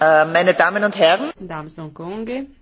Äh, meine Damen und Herren, Dāmas un kungi,